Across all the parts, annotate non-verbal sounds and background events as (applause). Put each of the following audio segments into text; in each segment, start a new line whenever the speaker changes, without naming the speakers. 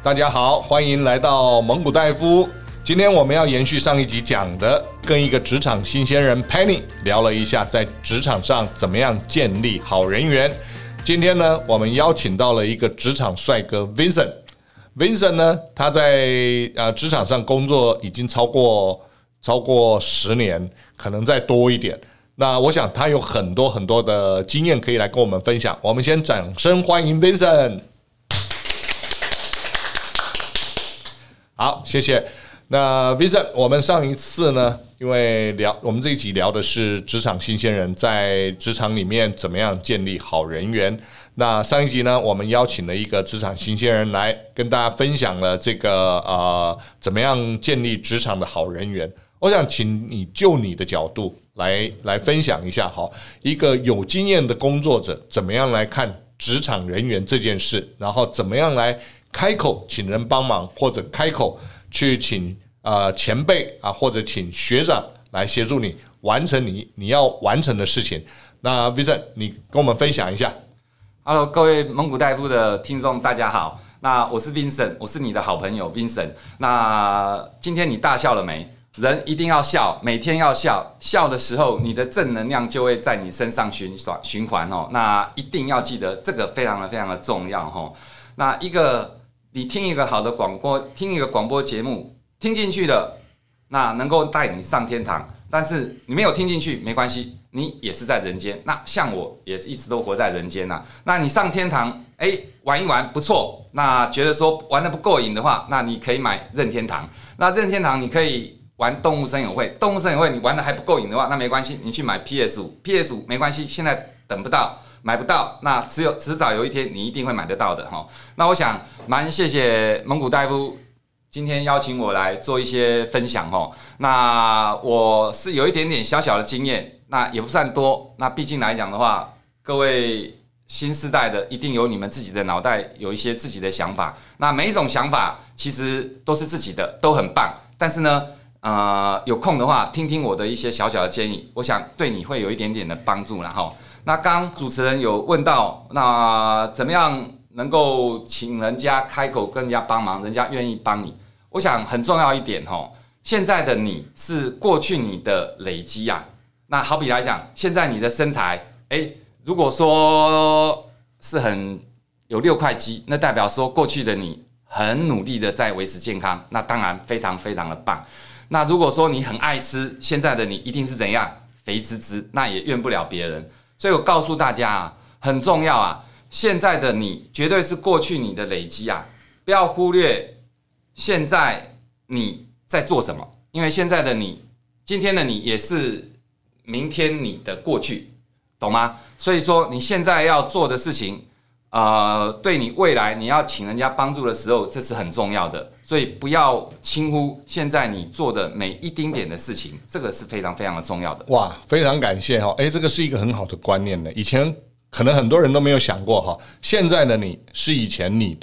大家好，歡迎來到萌骨戴夫。今天我們要延續上一集講的，跟一個職場新鮮人 Penny 聊了一下，在職場上怎麼樣建立好人緣。今天呢，我們邀請到了一個職場帥哥 Vincent。Vincent 呢，他在呃職場上工作已經超過超過十年，可能再多一點。那我想他有很多很多的經驗可以來跟我們分享。我們先掌聲歡迎 Vincent。好，謝謝。那 Vincent，我們上一次呢，因為聊，我們這一集聊的是職場新鮮人在職場裡面怎麼樣建立好人緣。那上一集呢，我們邀請了一個職場新鮮人來跟大家分享了這個呃，怎麼樣建立職場的好人緣。我想請你就你的角度來來分享一下，好，一個有經驗的工作者怎麼樣來看職場人緣這件事，然後怎麼樣來，開口請人幫忙，或者開口去請呃前輩啊，或者請學長來協助你完成你你
要完成的事情。那 Vincent，你跟我們分享一下。Hello，各位萌骨戴夫的聽眾，大家好。那我是 Vincent，我是你的好朋友 Vincent。那今天你大笑了沒？人一定要笑，每天要笑，笑的時候你的正能量就會在你身上循環循環哦。那一定要記得這個，非常的非常的重要哦。那一個。你聽一個好的廣播，聽一個廣播節目，聽進去的，那能夠帶你上天堂。但是你沒有聽進去，沒關係，你也是在人間。那像我也一直都活在人間吶、啊。那你上天堂，哎、欸，玩一玩不錯。那覺得說玩得不過癮的話，那你可以買任天堂。那任天堂你可以玩動物會、《動物森友會》，《動物森友會》你玩得還不過癮的話，那沒關係，你去買 PS5。PS5 沒關係，現在等不到。買不到，那只有遲早有一天你一定會買得到的哈。那我想蠻謝謝萌骨戴夫今天邀請我來做一些分享哈。那我是有一點點小小的經驗，那也不算多。那畢竟來講的話，各位新世代的一定有你們自己的腦袋，有一些自己的想法。那每一種想法其實都是自己的，都很棒。但是呢，呃，有空的話聽聽我的一些小小的建議，我想對你會有一點點的幫助然後，那剛剛主持人有問到，那怎麼樣能夠請人家開口跟人家幫忙，人家願意幫你？我想很重要一點哦，現在的你是過去你的累積啊。那好比來講，現在你的身材，誒，如果說是很有六塊肌，那代表說過去的你很努力的在維持健康，那當然非常非常的棒。那如果說你很愛吃，現在的你一定是怎樣肥滋滋，那也怨不了別人。所以我告訴大家啊，很重要啊！現在的你絕對是過去你的累積啊，不要忽略現在你在做什麼，因為現在的你，今天的你也是明天你的過去，懂嗎？所以說你現在要做的事情，呃，對你未來你要請人家幫助的時候，這是很重要的，所以不要輕忽現在你做的每一丁點的事情，這個是非常非常的重要的。哇，非常
感謝哈，誒，這個是一個很好的觀念呢。以前可能很多人都沒有想過哈，現在的你是以前你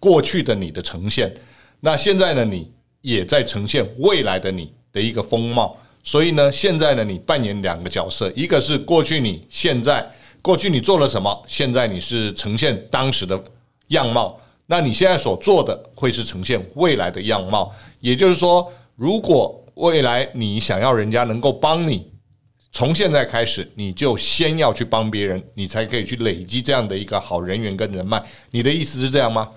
過去的你的呈現，那現在的你也在呈現未來的你的一個風貌。所以呢，現在的你扮演兩個角色，一個是過去你，你現在。過去你做了什麼？現在你是呈現當時的樣貌，那你現在所做的會是呈現未來的樣貌。也就是說，如果未來你想要人家能夠幫你，從現在開始，你就先要去幫別人，你才可以去累積這樣的一個好人緣跟人
脈。你的意思是這樣嗎？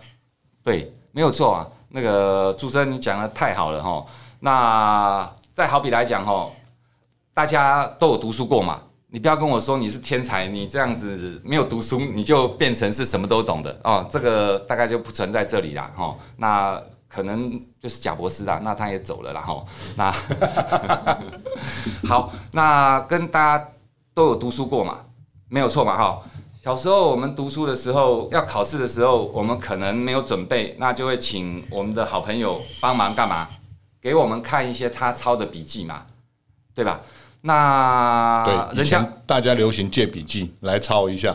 對，沒有錯啊。那個朱生，你講得太好了哈。那再好比來講哈，大家都有讀書過嘛。你不要跟我說你是天才，你這樣子沒有讀書，你就變成是什麼都懂的哦。這個大概就不存在這裡啦哦，那可能就是賈伯斯啦。那他也走了了哈、哦。那 (laughs) 好，那跟大家都有讀書過嘛，沒有錯嘛哈、哦。小時候我們讀書的時候，要考試的時候，我們可能沒有準備，那就會請我們的好朋友幫忙幹嘛？給我們看一些他抄的筆記嘛，對吧？那對，人家
大家流行借筆記來抄一下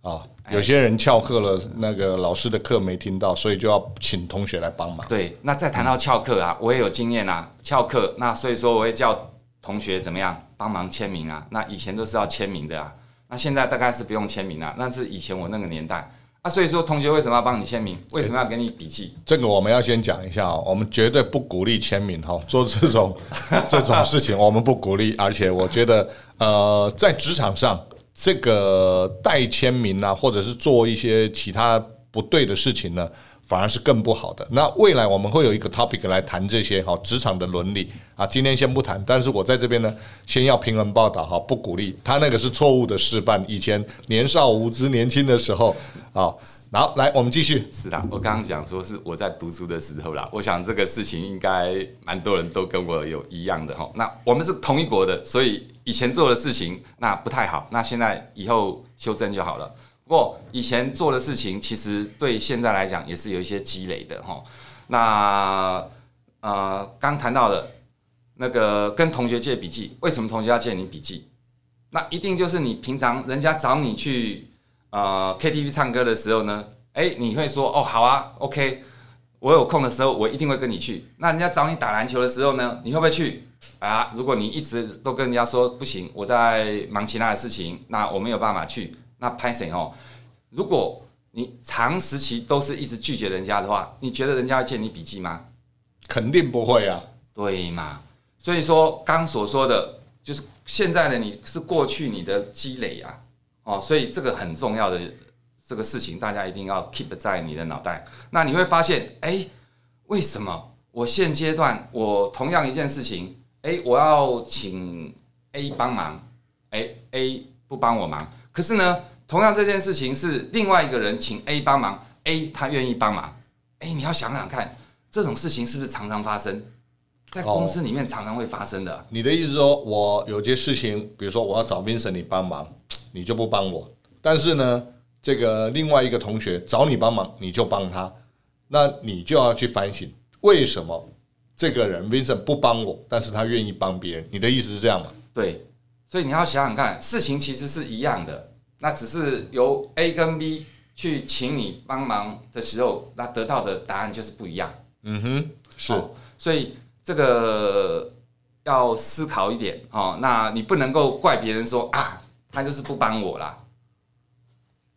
啊家、哦，有些人翹課了，那個老師的課沒聽到，所以就要請同學來幫忙。
對，那再談到翹課啊，嗯、我也有經驗啊，翹課，那所以說我會叫同學怎麼樣幫忙簽名啊，那以前都是要簽名的啊，那現在大概是不用簽名了、啊，那是以前我那個年代。啊，所以說，同學為什麼要幫你簽名？為什麼要給你筆記？欸、
這個我們要先講一下啊，我們絕對不鼓勵簽名哈，做這種 (laughs) 這種事情，我們不鼓勵。而且，我覺得，呃，在職場上，這個代簽名啊，或者是做一些其他不對的事情呢。反而是更不好的。那未來我們會有一個 topic 來談這些哈，職場的倫理啊。今天先不談，但是我在這邊呢，先要平衡報道哈，不鼓勵他那個是錯誤的示範。以前年少無知、年輕的時候啊，好，
然後來我們繼續。是的，我剛剛講說是我在讀書的時候啦，我想這個事情應該蠻多人都跟我有一樣的哈。那我們是同一國的，所以以前做的事情那不太好，那現在以後修正就好了。不過以前做的事情，其實對現在來講也是有一些積累的吼。那呃，剛談到的，那個跟同學借筆記，為什麼同學要借你筆記？那一定就是你平常人家找你去呃 KTV 唱歌的時候呢，哎、欸，你會說哦好啊，OK，我有空的時候我一定會跟你去。那人家找你打籃球的時候呢，你會不會去啊？如果你一直都跟人家說不行，我在忙其他的事情，那我沒有辦法去。那拍誰哦？如果你長時期都是一直拒絕人家的話，你覺得人家要借你筆記嗎？肯定不會啊，對，對嘛？所以說剛所說的就是現在的你是過去你的積累啊，哦，所以這個很重要的這個事情，大家一定要 keep 在你的腦袋。那你會發現，哎、欸，為什麼我現階段我同樣一件事情，哎、欸，我要請 A 幫忙，哎、欸，A 不幫我忙。可是呢，同樣這件事情是另外一個人請 A 幫忙，A 他願意幫忙。A 忙，欸，你要想想看，這種事情是不是常常發生在公司裡面常常會發生的啊？哦，
你的意思說我有些事情，比如說我要找 Vincent 你幫忙，你就不幫我；但是呢，這個另外一個同學找你幫忙，你就幫他。那你就要去反省，為什麼這個人 Vincent 不幫我，但是他願意幫別人？你的意思是這樣嗎？對。所以你要想
想看，事情其實是一樣的，那只是由 A 跟 B 去請你幫忙的時候，那得到的答案就是不一樣。嗯哼，是，所以這個要思考一點哦。那你不能夠怪別人說啊，他就是不幫我啦。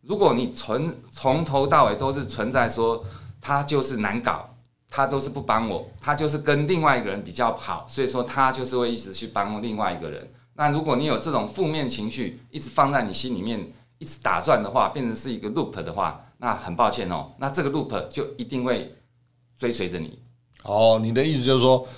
如果你從從頭到尾都是存在說，他就是難搞，他都是不幫我，他就是跟另外一個人比較好，所以說他就是會一直去幫另外一個人。那如果你有這種負面情緒一直放在你心裡面，一直打轉的話，變成是一個 loop 的話，那很抱歉哦，那這個 loop 就一定會追隨着你。哦，你的意思就是
說，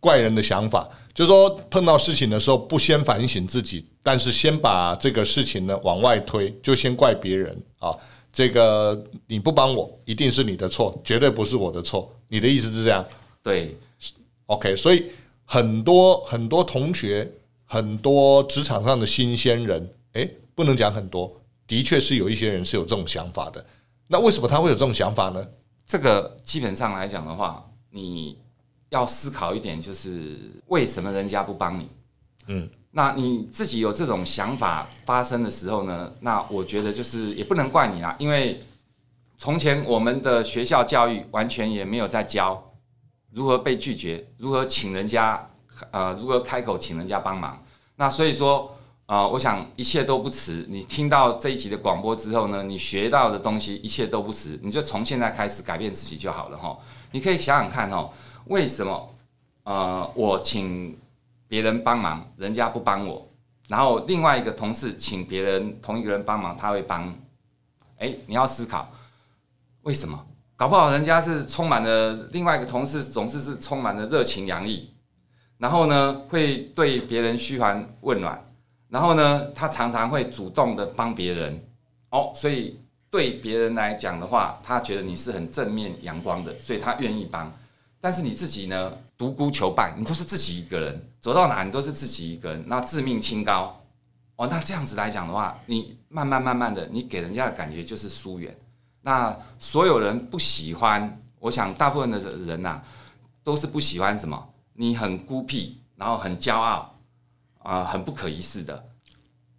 怪人的想法，就是說碰到事情的時候不先反省自己，但是先把這個事情呢往外推，就先怪別人啊。這個你不幫我，一定是你的錯，絕對不是我的錯。你的意思是這樣？對，OK。所以很多很多同學。很多職場上的新鮮人，誒、欸，不能講很多，的確是有一些人是有這種想法的。那
為什麼他會有這種想法呢？這個基本上來講的話，你要思考一點，就是為什麼人家不幫你？嗯，那你自己有這種想法發生的時候呢？那我覺得就是也不能怪你啦，因為從前我們的學校教育完全也沒有在教如何被拒絕，如何請人家。呃，如何開口請人家幫忙，那所以說，呃，我想一切都不遲。你聽到這一集的廣播之後呢，你學到的東西一切都不遲，你就從現在開始改變自己就好了哈、哦。你可以想想看哦，為什麼呃，我請別人幫忙，人家不幫我，然後另外一個同事請別人同一個人幫忙，他會幫你。誒，你要思考為什麼？搞不好人家是充滿了另外一個同事，總是是充滿了熱情洋溢。然後呢，會對別人噓寒問暖，然後呢，他常常會主動的幫別人哦，所以對別人來講的話，他覺得你是很正面陽光的，所以他願意幫。但是你自己呢，獨孤求敗，你都是自己一個人，走到哪你都是自己一個人，那自命清高哦，那這樣子來講的話，你慢慢慢慢的，你給人家的感覺就是疏遠，那所有人不喜歡，我想大部分的人吶、啊，都是不喜歡什麼。你很孤僻，然後很驕傲，啊，很不可一世的。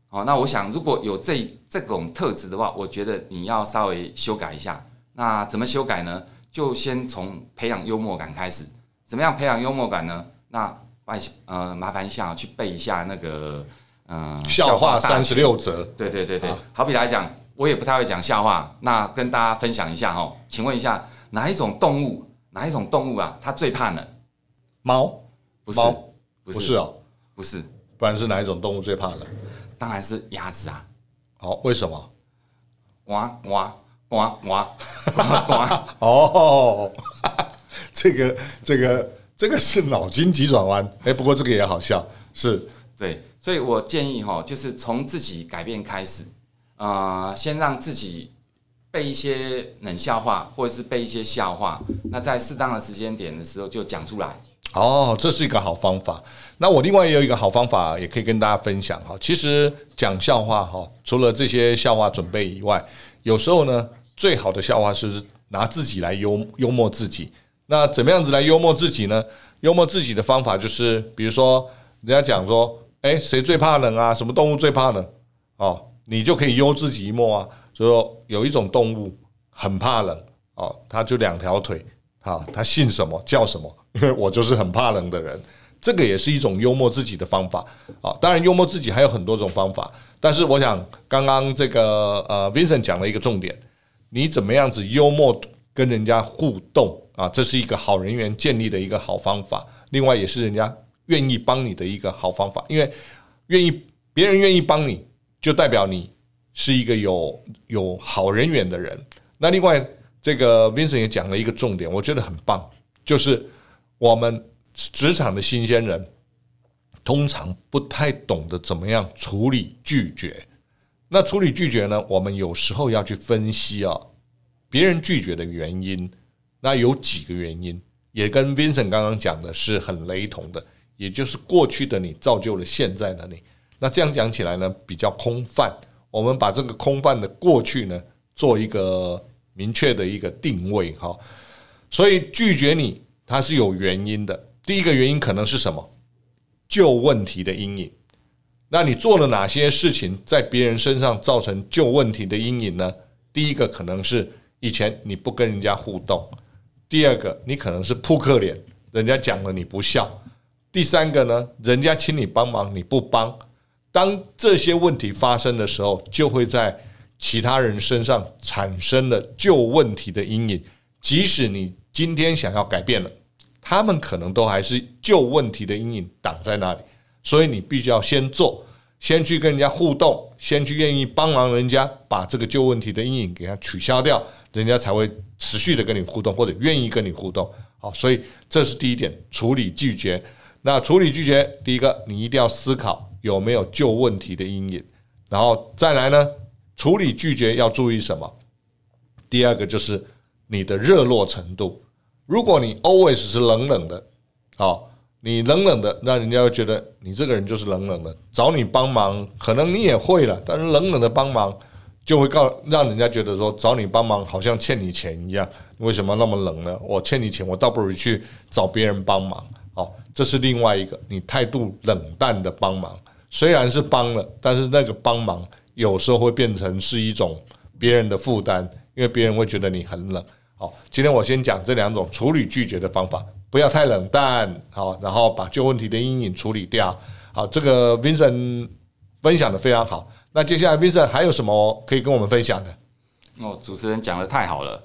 哦，那我想，如果有這這種特質的話，我覺得你要稍微修改一下。那怎麼修改呢？就先從培養幽默感開始。怎麼樣培養幽默感呢？那外，呃，麻煩一下、喔，去背一下那個，嗯，笑話三十六則。對對對對，對，啊、好比來講，我也不太會講笑話，那跟大家分享一下哈、喔。請問一下，哪一種動物，哪一種動物啊，它最怕冷？貓，不是貓不是哦，不是，不然是哪一種動物最怕冷？當然是鴨子啊！好、哦，為什麼？哇哇哇哇哇！哦，這個這個這個是腦筋急轉彎。哎、欸，不過這個也好笑，是對，所以我建議哈，就是從自己改變開始啊、呃，先讓自己背一些冷笑話，或者是背一些笑話，那在適當的時間點的時候就講出來。
哦，這是一個好方法。那我另外也有一個好方法，也可以跟大家分享哈。其實講笑話哈，除了這些笑話準備以外，有時候呢，最好的笑話是拿自己來幽幽默自己。
那怎麼
樣子來幽默自己呢？幽默自己的方法就是，比如說人家講說，哎，誰最怕冷啊？什麼動物最怕冷？哦，你就可以幽自己一默啊。就是說有一種動物很怕冷哦，它就兩條腿啊，它姓什麼叫什麼？因為 (laughs) 我就是很怕冷的人，這個也是一種幽默自己的方法啊。當然，幽默自己還有很多種方法，但是我想剛剛這個呃，Vincent 講了一個重點，你怎麼樣子幽默跟人家互動啊？這是一個好人緣建立的一個好方法，另外也是人家願意幫你的一個好方法。因為願意別人願意幫你，就代表你是一個有有好人緣的人。那另外這個 Vincent 也講了一個重點，我覺得很棒，就是。我們職場的新鮮人通常不太懂得怎麼樣處理拒絕。那處理拒絕呢？我們有時候要去分析啊、哦，別人拒絕的原因。那有幾個原因，也跟 Vincent 剛剛講的是很雷同的，也就是過去的你造就了現在的你。那這樣講起來呢，比較空泛。我們把這個空泛的過去呢，做一個明確的一個定位哈。所以拒絕你。它是有原因的。第一個原因可能是什麼？舊問題的陰影。那你做了哪些事情，在別人身上造成舊問題的陰影呢？第一個可能是以前你不跟人家互動；第二個，你可能是撲克臉，人家講了你不笑；第三個呢，人家請你幫忙你不幫。當這些問題發生的時候，就會在其他人身上產生了舊問題的陰影，即使你。今天想要改變了，他們可能都還是舊問題的陰影擋在那裡，所以你必須要先做，先去跟人家互動，先去願意幫忙人家，把這個舊問題的陰影給他取消掉，人家才會持續的跟你互動或者願意跟你互動。好，所以這是第一點，處理拒絕。那處理拒絕，第一個你一定要思考有沒有舊問題的陰影，然後再來呢，處理拒絕要注意什麼？第二個就是。你的熱絡程度，如果你 always 是冷冷的，好，你冷冷的，讓人家會覺得你這個人就是冷冷的。找你幫忙，可能你也會了，但是冷冷的幫忙就會告讓人家覺得說找你幫忙好像欠你錢一樣，為什麼那麼冷呢？我欠你錢，我倒不如去找別人幫忙。哦，這是另外一個，你態度冷淡的幫忙，雖然是幫了，但是那個幫忙有時候會變成是一種別人的負擔，因為別人會覺得你很冷。哦，今天我先講這兩種處理拒絕的方法，不要太冷淡，好，然後把舊問題的陰影處理掉，好，這個 Vincent 分享得非常好。那接下來 Vincent 還有什麼可以跟我們分享的？
哦，主持人講得太好了，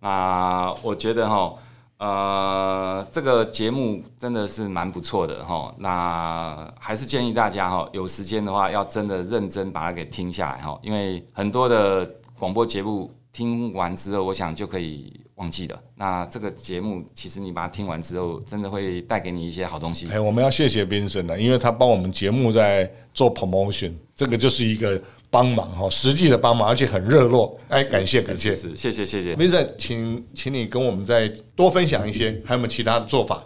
那我覺得哈，呃，這個節目真的是蠻不錯的哈，那還是建議大家哈，有時間的話要真的認真把它給聽下來哈，因為很多的廣播節目。聽完之後，我想就可以忘記了。那這個節目，其實你把它聽完之後，真的會帶給你一些好東西。哎、欸，我
們要謝謝 Vincent 了，因為他幫我們節目在做 promotion，這個就是一個幫忙哈，實際的幫忙，而且很熱絡。哎、欸是，感謝感謝，謝，謝謝謝謝。
Vincent，請請你跟我們再多分享一些，還有沒有其他的做法？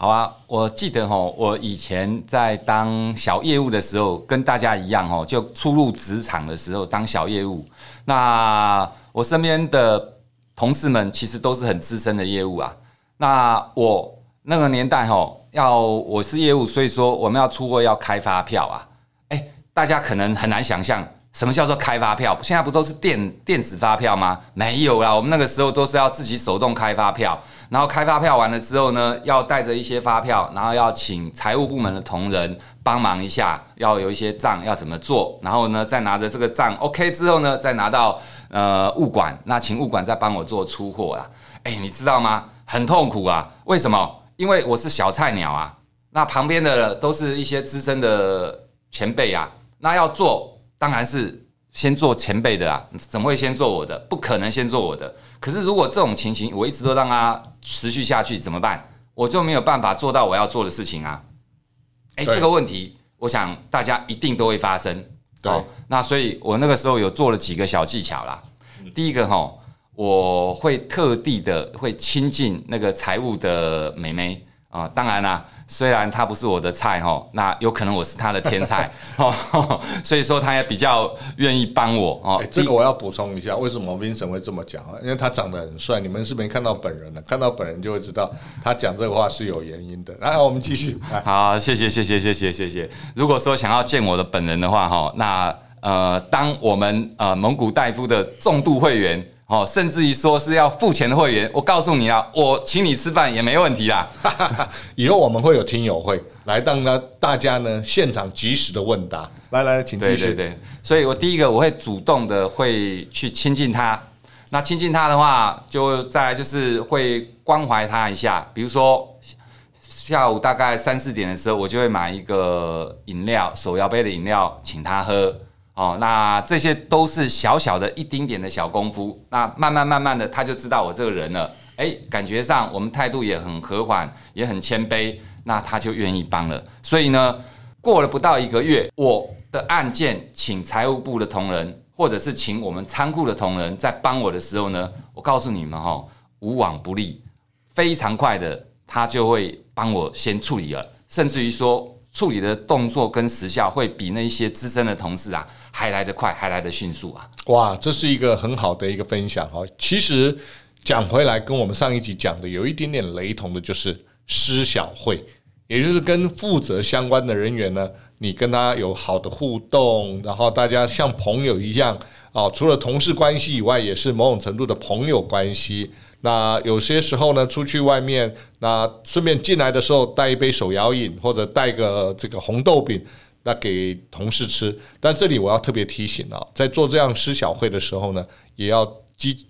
好啊，我記得哈，我以前在當小業務的時候，跟大家一樣哦，就初入職場的時候當小業務，那。我身邊的同事們其實都是很資深的業務啊。那我那個年代吼，要我是業務，所以說我們要出貨要開發票啊。誒、欸，大家可能很難想象什麼叫做開發票。現在不都是電電子發票嗎？沒有啦，我們那個時候都是要自己手動開發票。然後開發票完了之後呢，要帶着一些發票，然後要請財務部門的同仁幫忙一下，要有一些賬要怎麼做。然後呢，再拿着這個賬 OK 之後呢，再拿到。呃，物管，那請物管再幫我做出貨啊！哎、欸，你知道嗎？很痛苦啊！為什麼？因為我是小菜鳥啊！那旁邊的都是一些資深的前輩啊，那要做當然是先做前輩的啊，怎麼會先做我的？不可能先做我的。可是如果這種情形我一直都讓它持續下去，怎麼辦？我就沒有辦法做到我要做的事情啊！
哎、欸，對這個問
題，我想大家一定都會發生。對，對 那所以我那個時候有做了幾個小技巧啦。第一個吼，我會特地的會親近那個財務的妹妹。啊，當然啦、啊，雖然他不是我的菜哈，那有可能我是他的天菜 (laughs) (laughs) 所以說他也比較願意幫我哦、欸。這個我
要補充一下，為什麼 Vincent 會這麼講啊？因為他長得很帥，你們是沒看到本人的，看到本人就會知道他講這個話是有原因的。來，
我們繼續，好，謝謝，謝謝，謝謝，謝謝。如果說想要見我的本人的話哈，那呃，當我們呃萌骨戴夫的重度會員。哦，甚至於說是要付錢的會員，我告訴你啊，我請你吃飯也沒問題啦。 (laughs) 以後我們會有聽友會來，當呢大家呢現場即時的問答。來來，請繼續。對對對，所以我第一個我會主動的會去親近他。那親近他的話，就再來就是會關懷他一下，比如說下午大概三四點的時候，我就會買一個飲料，手搖杯的飲料，請他喝。哦，那這些都是小小的一丁點的小功夫，那慢慢慢慢的他就知道我這個人了，哎、欸，感覺上我們態度也很和緩，也很謙卑，那他就願意幫了。所以呢，過了不到一個月，我的案件請財務部的同仁，或者是請我們倉庫的同仁在幫我的時候呢，我告訴你們哦，無往不利，非常快的，他就會幫我先處理了，甚至於說處理的動作跟時效會比那些資深的同事啊。還來得快，還來得迅速啊！
哇，這是一個很好的一個分享哈。其實講回來，跟我們上一集講的有一點點雷同的，就是施小惠，也就是跟負責相關的人員呢，你跟他有好的互動，然後大家像朋友一樣啊。除了同事關係以外，也是某種程度的朋友關係。那有些時候呢，出去外面，那順便進來的時候，帶一杯手搖飲，或者帶個這個紅豆餅。那給同事吃，但這裡我要特別提醒啊、哦，在做這樣施小惠的時候呢，也要機，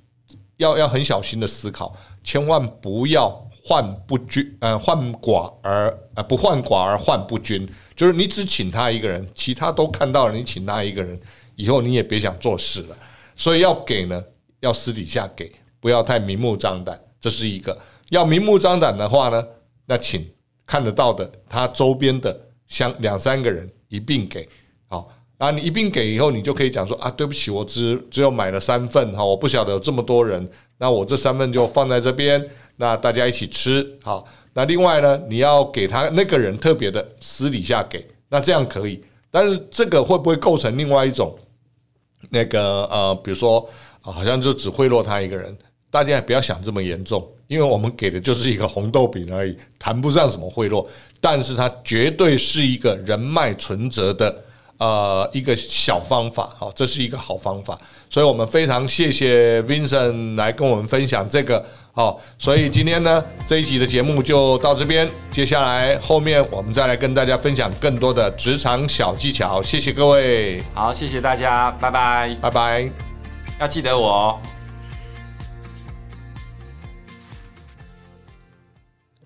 要要很小心的思考，千萬不要患不均呃，患寡而，呃，不患寡而患不均，就是你只請他一個人，其他都看到了你請他一個人，以後你也別想做事了。所以要給呢，要私底下給，不要太明目張膽。這是一個要明目張膽的話呢，那請看得到的他周邊的像兩三個人。一併給，好，那，你一併給以後，你就可以講說啊，對不起，我只只有買了三份哈，我不曉得有這麼多人，那我這三份就放在這邊，那大家一起吃，好，那另外呢，你要給他那個人特別的私底下給，那這樣可以，但是這個會不會構成另外一種那個呃，比如說好像就只賄賂他一個人？大家也不要想這麼嚴重，因為我們給的就是一個紅豆餅而已，談不上什麼賄賂，但是它絕對是一個人脈存摺的呃一個小方法，好，這是一個好方法，所以我們非常謝謝 Vincent 來跟我們分享這個，好，所以今天呢這一集的節目就到這邊，接下來後面我們再來跟大家分享更多的職場小技巧，謝謝各位，
好，謝謝大家，拜拜，拜拜，要記得我。